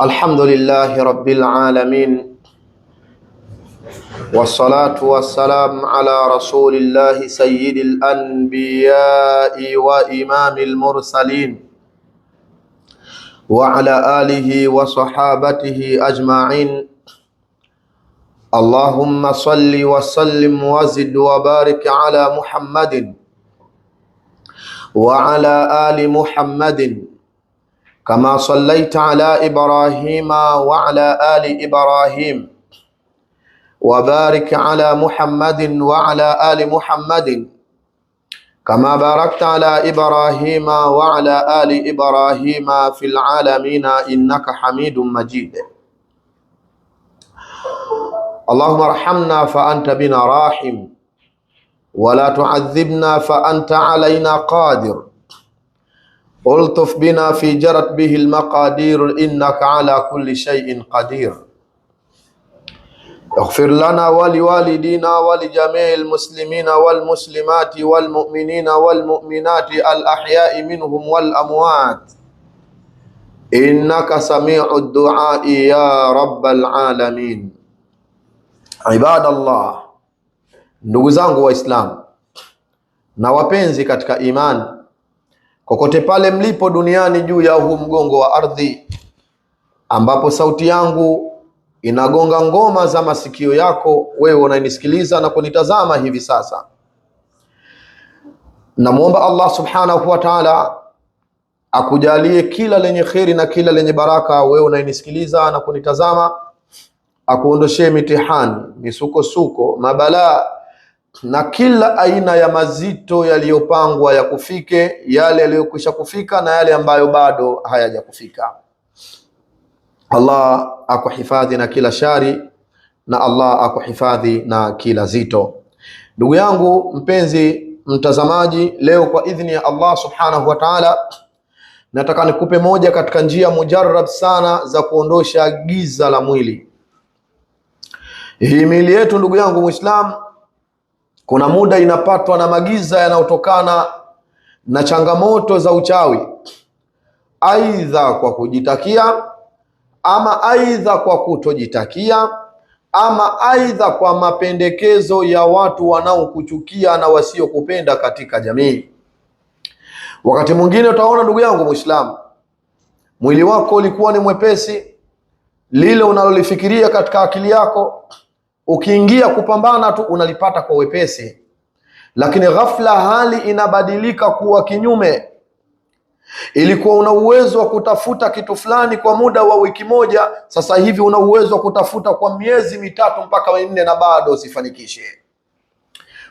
الحمد لله رب العالمين والصلاة والسلام على رسول الله سيد الأنبياء وإمام المرسلين وعلى آله وصحابته أجمعين اللهم صل وسلم وزد وبارك على محمد وعلى آل محمد كما صليت على إبراهيم وعلى آل إبراهيم وبارك على محمد وعلى آل محمد كما باركت على إبراهيم وعلى آل إبراهيم في العالمين إنك حميد مجيد اللهم ارحمنا فأنت بنا راحم ولا تعذبنا فأنت علينا قادر ألطف بنا في جرت به المقادير إنك على كل شيء قدير اغفر لنا ولوالدينا ولجميع المسلمين والمسلمات والمؤمنين والمؤمنات الأحياء منهم والأموات إنك سميع الدعاء يا رب العالمين عباد الله ndugu zangu waislamu كتك إيمان kokote pale mlipo duniani juu ya huu mgongo wa ardhi, ambapo sauti yangu inagonga ngoma za masikio yako wewe unanisikiliza na kunitazama hivi sasa, namwomba Allah subhanahu wa ta'ala akujalie kila lenye kheri na kila lenye baraka. Wewe unayenisikiliza na kunitazama, akuondoshee mitihani, misukosuko, mabalaa na kila aina ya mazito yaliyopangwa ya kufike yale yaliyokwisha kufika na yale ambayo bado hayajakufika. Allah akuhifadhi na kila shari na Allah akuhifadhi na kila zito. Ndugu yangu mpenzi mtazamaji, leo kwa idhini ya Allah subhanahu wa ta'ala, nataka nikupe moja katika njia mujarab sana za kuondosha giza la mwili. Hii miili yetu ndugu yangu Muislamu kuna muda inapatwa na magiza yanayotokana na changamoto za uchawi, aidha kwa kujitakia ama aidha kwa kutojitakia ama aidha kwa mapendekezo ya watu wanaokuchukia na wasiokupenda katika jamii. Wakati mwingine utaona, ndugu yangu Muislamu, mwili wako ulikuwa ni mwepesi, lile unalolifikiria katika akili yako Ukiingia kupambana tu unalipata kwa wepesi, lakini ghafla hali inabadilika kuwa kinyume. Ilikuwa una uwezo wa kutafuta kitu fulani kwa muda wa wiki moja, sasa hivi una uwezo wa kutafuta kwa miezi mitatu mpaka minne na bado usifanikishe.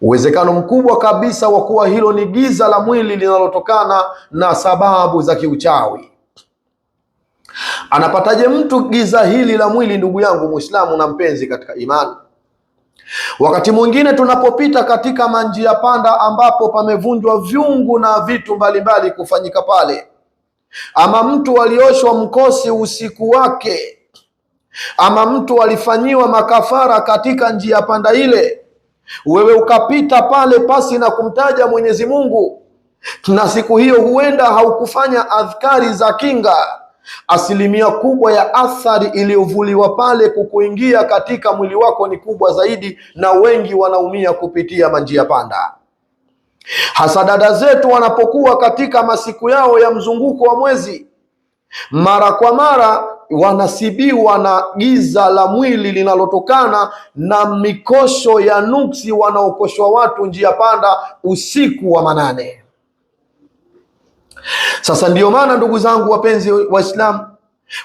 Uwezekano mkubwa kabisa wa kuwa hilo ni giza la mwili linalotokana na sababu za kiuchawi. Anapataje mtu giza hili la mwili, ndugu yangu Muislamu na mpenzi katika imani? Wakati mwingine tunapopita katika manjia panda ambapo pamevunjwa vyungu na vitu mbalimbali kufanyika pale, ama mtu alioshwa mkosi usiku wake, ama mtu alifanyiwa makafara katika njia panda ile, wewe ukapita pale pasi na kumtaja Mwenyezi Mungu, na siku hiyo huenda haukufanya adhkari za kinga Asilimia kubwa ya athari iliyovuliwa pale kukuingia katika mwili wako ni kubwa zaidi, na wengi wanaumia kupitia manjia panda. Hasa dada zetu wanapokuwa katika masiku yao ya mzunguko wa mwezi, mara kwa mara wanasibiwa na giza la mwili linalotokana na mikosho ya nuksi wanaokoshwa watu njia panda usiku wa manane. Sasa ndiyo maana ndugu zangu wapenzi Waislamu,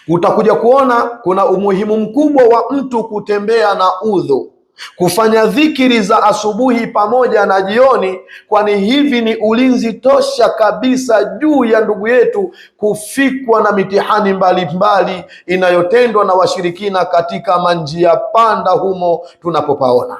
utakuja kuona kuna umuhimu mkubwa wa mtu kutembea na udhu, kufanya dhikiri za asubuhi pamoja na jioni, kwani hivi ni ulinzi tosha kabisa juu ya ndugu yetu kufikwa na mitihani mbalimbali inayotendwa na washirikina katika manjia panda humo tunapopaona.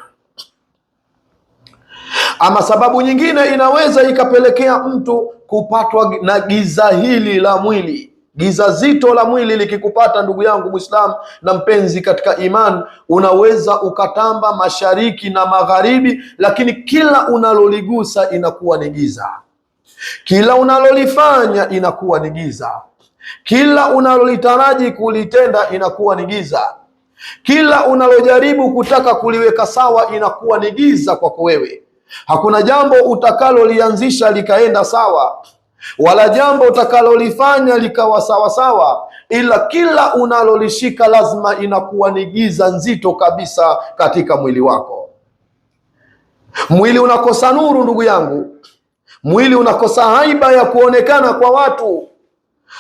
Ama sababu nyingine inaweza ikapelekea mtu kupatwa na giza hili la mwili. Giza zito la mwili likikupata ndugu yangu mwislamu na mpenzi katika imani, unaweza ukatamba mashariki na magharibi, lakini kila unaloligusa inakuwa ni giza, kila unalolifanya inakuwa ni giza, kila unalolitaraji kulitenda inakuwa ni giza, kila unalojaribu kutaka kuliweka sawa inakuwa ni giza kwako wewe. Hakuna jambo utakalolianzisha likaenda sawa, wala jambo utakalolifanya likawa sawa sawa, ila kila unalolishika lazima inakuwa ni giza nzito kabisa katika mwili wako. Mwili unakosa nuru, ndugu yangu, mwili unakosa haiba ya kuonekana kwa watu.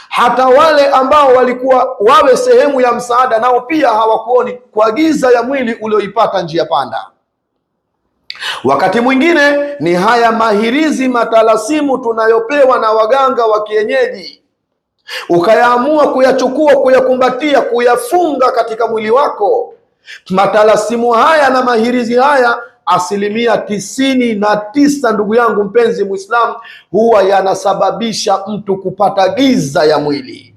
Hata wale ambao walikuwa wawe sehemu ya msaada, nao pia hawakuoni kwa giza ya mwili ulioipata njia panda. Wakati mwingine ni haya mahirizi matalasimu tunayopewa na waganga wa kienyeji ukayaamua kuyachukua, kuyakumbatia, kuyafunga katika mwili wako. Matalasimu haya na mahirizi haya asilimia tisini na tisa, ndugu yangu mpenzi Muislamu, huwa yanasababisha mtu kupata giza ya mwili.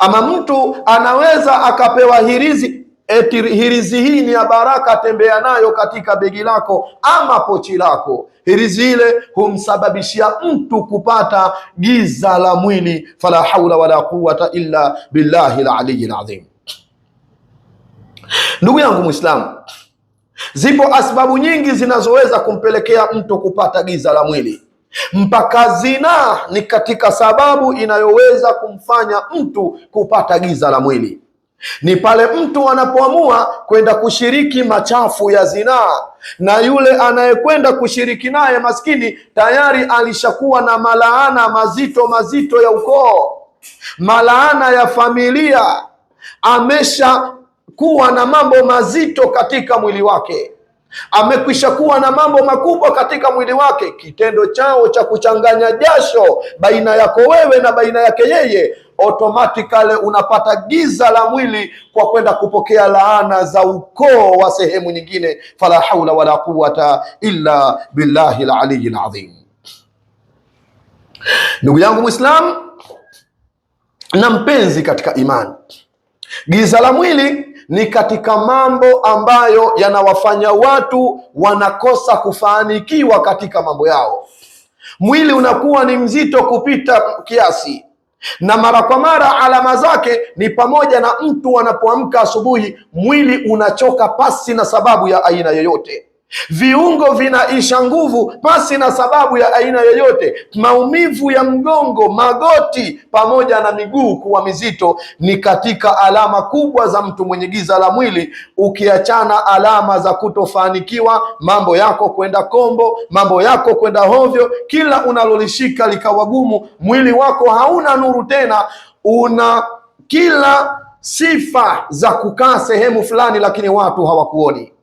Ama mtu anaweza akapewa hirizi eti hirizi hii ni ya baraka, tembea nayo katika begi lako ama pochi lako. Hirizi ile humsababishia mtu kupata giza la mwili. Fala haula wala quwata illa billahi laliyi ladhim. Ndugu yangu Mwislamu, zipo asbabu nyingi zinazoweza kumpelekea mtu kupata giza la mwili. Mpaka zinaa ni katika sababu inayoweza kumfanya mtu kupata giza la mwili ni pale mtu anapoamua kwenda kushiriki machafu ya zinaa, na yule anayekwenda kushiriki naye maskini tayari alishakuwa na malaana mazito mazito ya ukoo, malaana ya familia, ameshakuwa na mambo mazito katika mwili wake amekwisha kuwa na mambo makubwa katika mwili wake. Kitendo chao cha kuchanganya jasho baina yako wewe na baina yake yeye, otomatikale unapata giza la mwili kwa kwenda kupokea laana za ukoo wa sehemu nyingine. Fala haula wala quwata illa billahi laliyi ladhim. Ndugu yangu Mwislamu na mpenzi katika imani, giza la mwili ni katika mambo ambayo yanawafanya watu wanakosa kufanikiwa katika mambo yao. Mwili unakuwa ni mzito kupita kiasi, na mara kwa mara alama zake ni pamoja na mtu anapoamka asubuhi, mwili unachoka pasi na sababu ya aina yoyote Viungo vinaisha nguvu pasi na sababu ya aina yoyote. Maumivu ya mgongo, magoti pamoja na miguu kuwa mizito ni katika alama kubwa za mtu mwenye giza la mwili, ukiachana alama za kutofanikiwa, mambo yako kwenda kombo, mambo yako kwenda hovyo, kila unalolishika likawa gumu, mwili wako hauna nuru tena, una kila sifa za kukaa sehemu fulani, lakini watu hawakuoni.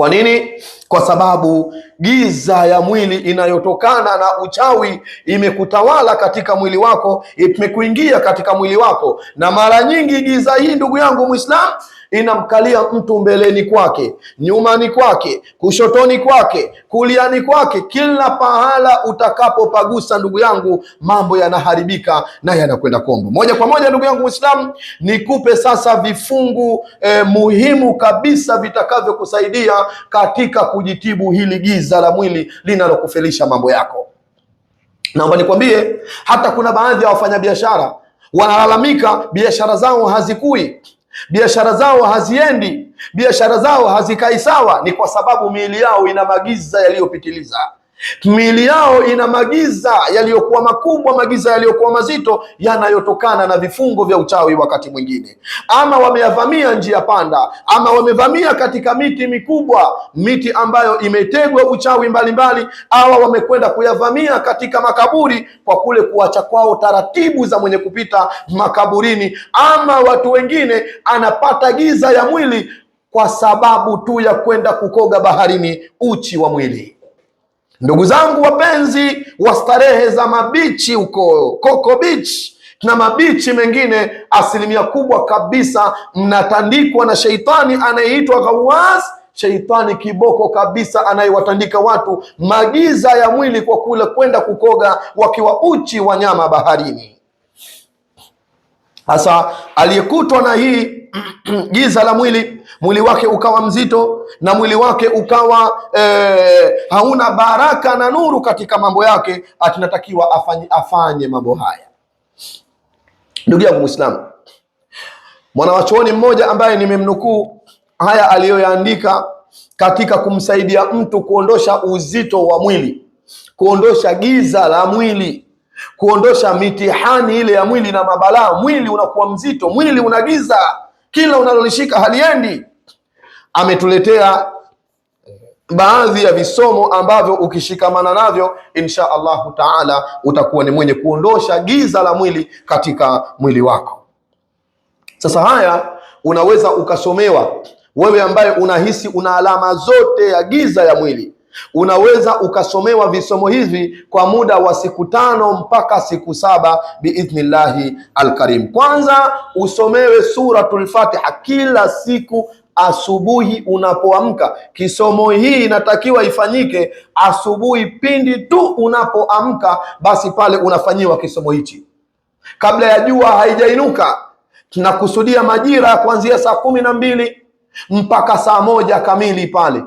Kwa nini? Kwa sababu giza ya mwili inayotokana na uchawi imekutawala katika mwili wako, imekuingia katika mwili wako, na mara nyingi giza hii, ndugu yangu Mwislamu, inamkalia mtu mbeleni kwake, nyumani kwake, kushotoni kwake, kuliani kwake, kila pahala utakapopagusa, ndugu yangu, mambo yanaharibika na yanakwenda kombo moja kwa moja. Ndugu yangu Muislamu, nikupe sasa vifungu eh, muhimu kabisa vitakavyokusaidia katika kujitibu hili giza la mwili linalokufelisha mambo yako. Naomba nikwambie, hata kuna baadhi ya wafanyabiashara wanalalamika biashara zao hazikui biashara zao haziendi, biashara zao hazikai sawa, ni kwa sababu miili yao ina magiza yaliyopitiliza miili yao ina magiza yaliyokuwa makubwa, magiza yaliyokuwa mazito yanayotokana na vifungo vya uchawi. Wakati mwingine ama wameyavamia njia panda, ama wamevamia katika miti mikubwa, miti ambayo imetegwa uchawi mbalimbali, awa wamekwenda kuyavamia katika makaburi kwa kule kuacha kwao taratibu za mwenye kupita makaburini, ama watu wengine anapata giza ya mwili kwa sababu tu ya kwenda kukoga baharini uchi wa mwili. Ndugu zangu wapenzi wa starehe za mabichi huko Coco Beach na mabichi mengine, asilimia kubwa kabisa mnatandikwa na sheitani anayeitwa Ghawwas, sheitani kiboko kabisa anayewatandika watu magiza ya mwili kwa kule kwenda kukoga wakiwa uchi wanyama baharini. Sasa aliyekutwa na hii giza la mwili, mwili wake ukawa mzito na mwili wake ukawa e, hauna baraka na nuru katika mambo yake, atinatakiwa afanye, afanye mambo haya. Ndugu yangu Muislamu, mwanawachuoni mmoja ambaye nimemnukuu haya aliyoyaandika katika kumsaidia mtu kuondosha uzito wa mwili, kuondosha giza la mwili kuondosha mitihani ile ya mwili na mabalaa. Mwili unakuwa mzito, mwili una giza, kila unalolishika haliendi. Ametuletea baadhi ya visomo ambavyo ukishikamana navyo insha Allahu taala utakuwa ni mwenye kuondosha giza la mwili katika mwili wako. Sasa haya unaweza ukasomewa wewe ambaye unahisi una alama zote ya giza ya mwili Unaweza ukasomewa visomo hivi kwa muda wa siku tano mpaka siku saba biidhnillahi alkarim. Kwanza usomewe Suratul Fatiha kila siku asubuhi unapoamka. Kisomo hii inatakiwa ifanyike asubuhi, pindi tu unapoamka, basi pale unafanyiwa kisomo hichi kabla ya jua haijainuka. Tunakusudia majira kuanzia saa kumi na mbili mpaka saa moja kamili pale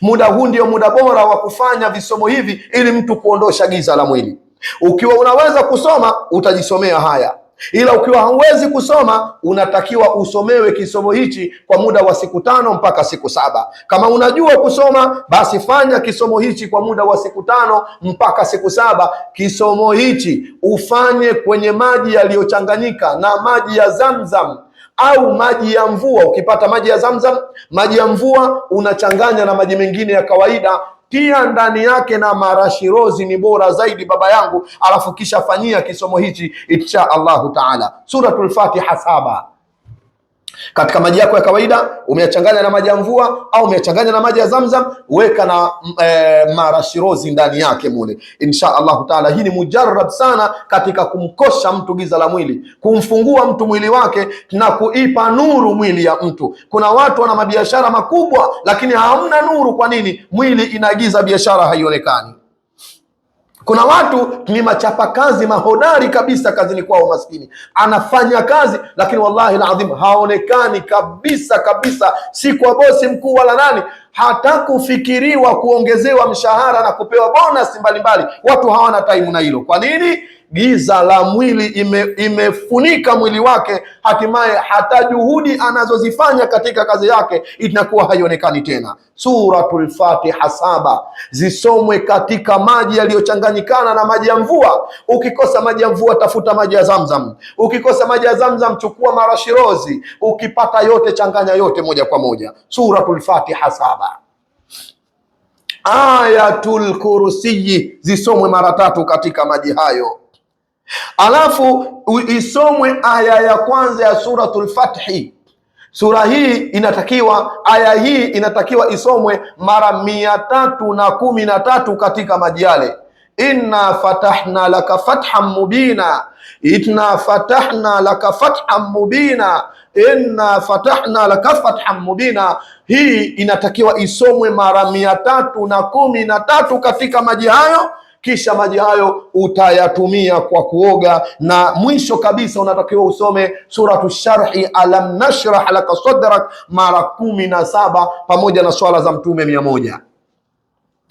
Muda huu ndio muda bora wa kufanya visomo hivi ili mtu kuondosha giza la mwili. Ukiwa unaweza kusoma utajisomea haya, ila ukiwa hauwezi kusoma unatakiwa usomewe kisomo hichi kwa muda wa siku tano mpaka siku saba. Kama unajua kusoma, basi fanya kisomo hichi kwa muda wa siku tano mpaka siku saba. Kisomo hichi ufanye kwenye maji yaliyochanganyika na maji ya Zamzam au maji ya mvua. Ukipata maji ya Zamzam, maji ya mvua unachanganya na maji mengine ya kawaida pia ndani yake na marashirozi ni bora zaidi, baba yangu. Alafu kisha fanyia kisomo hichi insha Allahu taala, suratul Fatiha saba katika maji yako ya kawaida umeyachanganya na maji ya mvua au umeyachanganya na maji ya Zamzam, weka na e, marashirozi ndani yake mule, insha Allahu taala. Hii ni mujarab sana katika kumkosha mtu giza la mwili, kumfungua mtu mwili wake na kuipa nuru mwili ya mtu. Kuna watu wana mabiashara makubwa, lakini hamna nuru. Kwa nini? Mwili inagiza, biashara haionekani. Kuna watu ni machapakazi mahodari kabisa kazini kwao, maskini anafanya kazi lakini wallahi ladhim haonekani kabisa kabisa, si kwa bosi mkuu wala nani hatakufikiriwa kuongezewa mshahara na kupewa bonus mbalimbali. Watu hawana taimu na hilo. Kwa nini? Giza la mwili ime, imefunika mwili wake, hatimaye hata juhudi anazozifanya katika kazi yake inakuwa haionekani tena. Suratul Fatiha saba zisomwe katika maji yaliyochanganyikana na maji ya mvua. Ukikosa maji ya mvua, tafuta maji ya Zamzam. Ukikosa maji ya Zamzam, chukua marashirozi. Ukipata yote, changanya yote moja kwa moja. Suratul Fatiha saba. Ayatul Kursiyi zisomwe mara tatu katika maji hayo, alafu isomwe aya ya kwanza ya Suratul Fathi. Sura hii inatakiwa, aya hii inatakiwa isomwe mara mia tatu na kumi na tatu katika maji yale. Inna fatahna laka fathan mubina inna fatahna laka fathan mubina, inna fatahna laka fathan mubina. Hii inatakiwa isomwe mara mia tatu na kumi na tatu katika maji hayo kisha maji hayo utayatumia kwa kuoga, na mwisho kabisa unatakiwa usome suratu sharhi alam nashrah laka sadrak mara kumi na saba pamoja na swala za Mtume mia moja.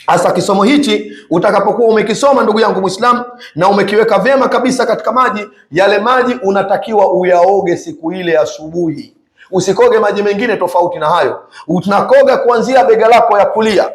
Hasa kisomo hichi utakapokuwa umekisoma ndugu yangu Muislamu, na umekiweka vyema kabisa katika maji yale, maji unatakiwa uyaoge siku ile asubuhi, usikoge maji mengine tofauti na hayo. Unakoga kuanzia bega lako ya kulia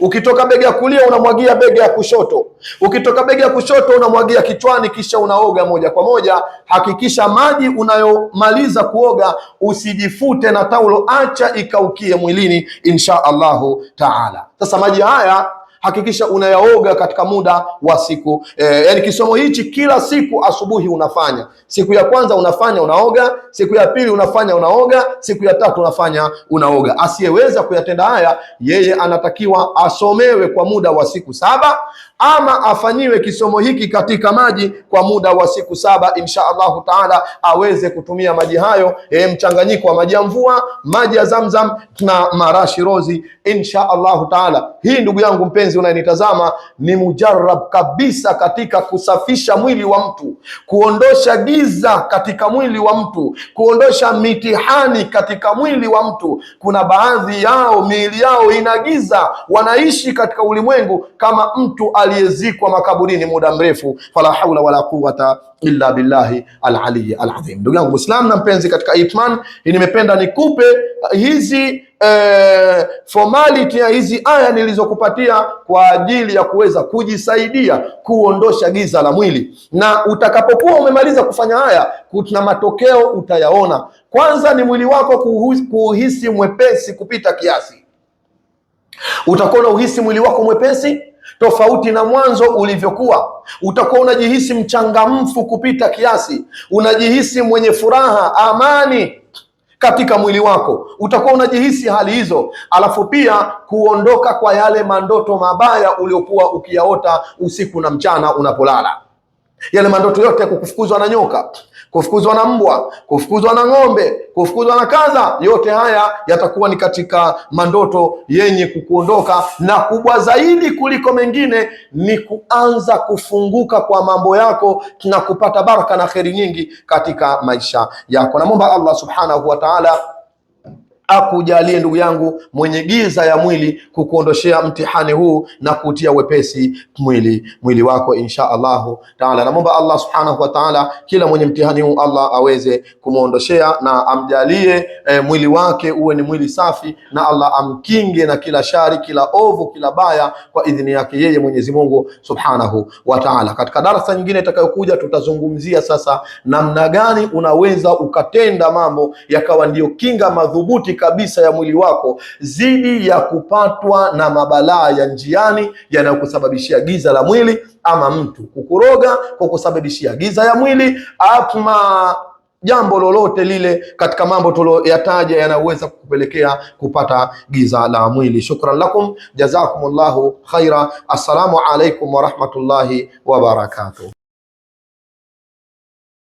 Ukitoka bega ya kulia unamwagia bega ya kushoto, ukitoka bega ya kushoto unamwagia kichwani, kisha unaoga moja kwa moja. Hakikisha maji unayomaliza kuoga usijifute na taulo, acha ikaukie mwilini, insha Allahu taala. Sasa maji haya hakikisha unayaoga katika muda wa siku e, yani kisomo hichi kila siku asubuhi unafanya. Siku ya kwanza unafanya unaoga, siku ya pili unafanya unaoga, siku ya tatu unafanya unaoga. Asiyeweza kuyatenda haya, yeye anatakiwa asomewe kwa muda wa siku saba ama afanyiwe kisomo hiki katika maji kwa muda wa siku saba, insha Allahu taala aweze kutumia maji hayo, e, mchanganyiko wa maji ya mvua, maji ya Zamzam na marashi rozi, insha Allahu taala. Hii ndugu yangu mpenzi mpenzi unayenitazama, ni mujarab kabisa katika kusafisha mwili wa mtu, kuondosha giza katika mwili wa mtu, kuondosha mitihani katika mwili wa mtu. Kuna baadhi yao miili yao ina giza, wanaishi katika ulimwengu kama mtu aliyezikwa makaburini muda mrefu. Fala haula wala quwata illa billahi alaliyi alazim. Ndugu yangu Muislamu na mpenzi katika Itman, nimependa nikupe hizi Eh, formality ya hizi aya nilizokupatia kwa ajili ya kuweza kujisaidia kuondosha giza la mwili. Na utakapokuwa umemaliza kufanya haya, kuna matokeo utayaona. Kwanza ni mwili wako kuuhisi mwepesi kupita kiasi, utakuwa na uhisi mwili wako mwepesi tofauti na mwanzo ulivyokuwa. Utakuwa unajihisi mchangamfu kupita kiasi, unajihisi mwenye furaha, amani katika mwili wako, utakuwa unajihisi hali hizo, alafu pia kuondoka kwa yale mandoto mabaya uliokuwa ukiyaota usiku na mchana unapolala, yale mandoto yote ya kukufukuzwa na nyoka kufukuzwa na mbwa, kufukuzwa na ng'ombe, kufukuzwa na kaza Yote haya yatakuwa ni katika mandoto yenye kukuondoka, na kubwa zaidi kuliko mengine ni kuanza kufunguka kwa mambo yako na kupata baraka na kheri nyingi katika maisha yako. Namwomba Allah subhanahu wa ta'ala akujalie ndugu yangu mwenye giza ya mwili kukuondoshea mtihani huu na kutia wepesi mwili mwili wako insha Allahu taala. Namwomba Allah subhanahu wa taala kila mwenye mtihani huu Allah aweze kumwondoshea na amjalie eh, mwili wake uwe ni mwili safi, na Allah amkinge na kila shari, kila ovu, kila baya kwa idhini yake yeye Mwenyezi Mungu subhanahu wa taala. Katika darasa nyingine itakayokuja tutazungumzia sasa namna gani unaweza ukatenda mambo yakawa ndiyo kinga madhubuti nzuri kabisa ya mwili wako dhidi ya kupatwa na mabalaa ya njiani yanayokusababishia giza la mwili, ama mtu kukuroga kwa kusababishia giza ya mwili ama jambo lolote lile katika mambo tuliyoyataja yanayoweza kukupelekea kupata giza la mwili. Shukran lakum, jazakumullahu khaira. Assalamu alaikum warahmatullahi wabarakatuh.